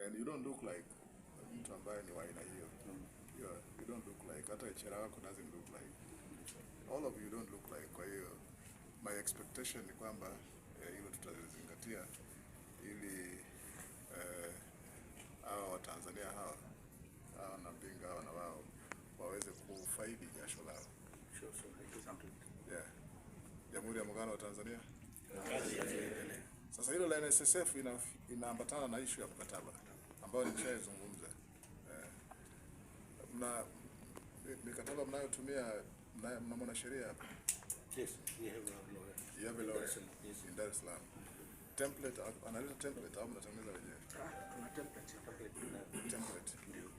and you don't look like mtu ambaye ni wa aina hiyo. Mm. you don't look like hata chera wako doesn't look like all of you don't look like. Kwa hiyo my expectation ni kwamba eh, hilo tutazingatia ili eh, hawa Watanzania hawa hawa na Mpinga hawa na wao waweze kufaidi jasho lao. Jamhuri ya Muungano wa Tanzania. Sasa hilo la NSSF inaambatana ina na ishu ya mkataba ambayo nimeshazungumza eh, na mikataba mnayotumia mna mwanasheria hapa yes, in Dar es Salaam template uh, analeta template au mnatengeneza wenyewe? Tuna ah, template template, ndio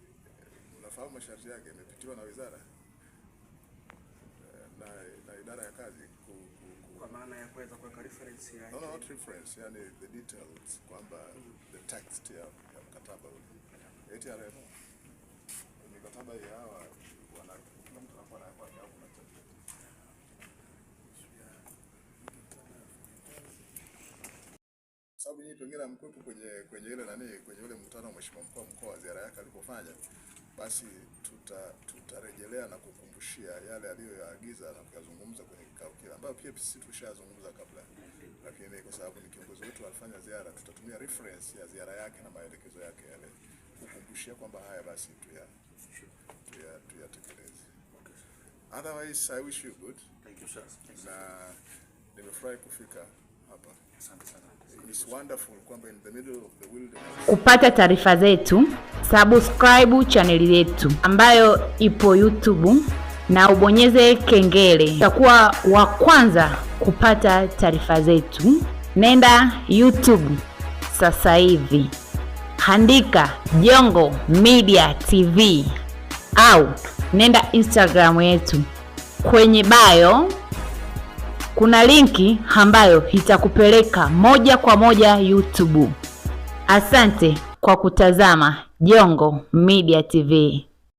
mnafahamu masharti yake, imepitiwa na wizara eh, na, na idara ya kazi ku, ku, ku. Kwa maana ya kuweza kuweka reference ya no, no, not reference, yani the details kwamba mm. the text ya, ya mkataba ule ATRF mikataba ya hawa wana kila mtu anakuwa na yake au kuna chati. sababu nyinyi pengine mkwepo kwenye kwenye ile nani kwenye ule mkutano wa mheshimiwa mkuu wa mkoa ziara yake alipofanya, basi tuta tutarejelea na kukumbushia yale aliyoyaagiza na kuyazungumza kwenye kikao ambayo pia sisi tulishazungumza kabla, lakini kwa sababu ni kiongozi wetu alifanya ziara, tutatumia reference ya ziara yake na maelekezo yake yale kukumbushia kwamba haya basi tuya tuyatekeleze. Otherwise, I wish you good. Thank you, sir. Na nimefurahi kufika hapa. It's wonderful kwamba in the middle of the wilderness. Kupata taarifa zetu, subscribe channel yetu ambayo ipo YouTube na ubonyeze kengele, utakuwa wa kwanza kupata taarifa zetu. Nenda YouTube sasa hivi, andika Jongo Media TV au nenda Instagram yetu, kwenye bayo kuna linki ambayo itakupeleka moja kwa moja YouTube. Asante kwa kutazama Jongo Media TV.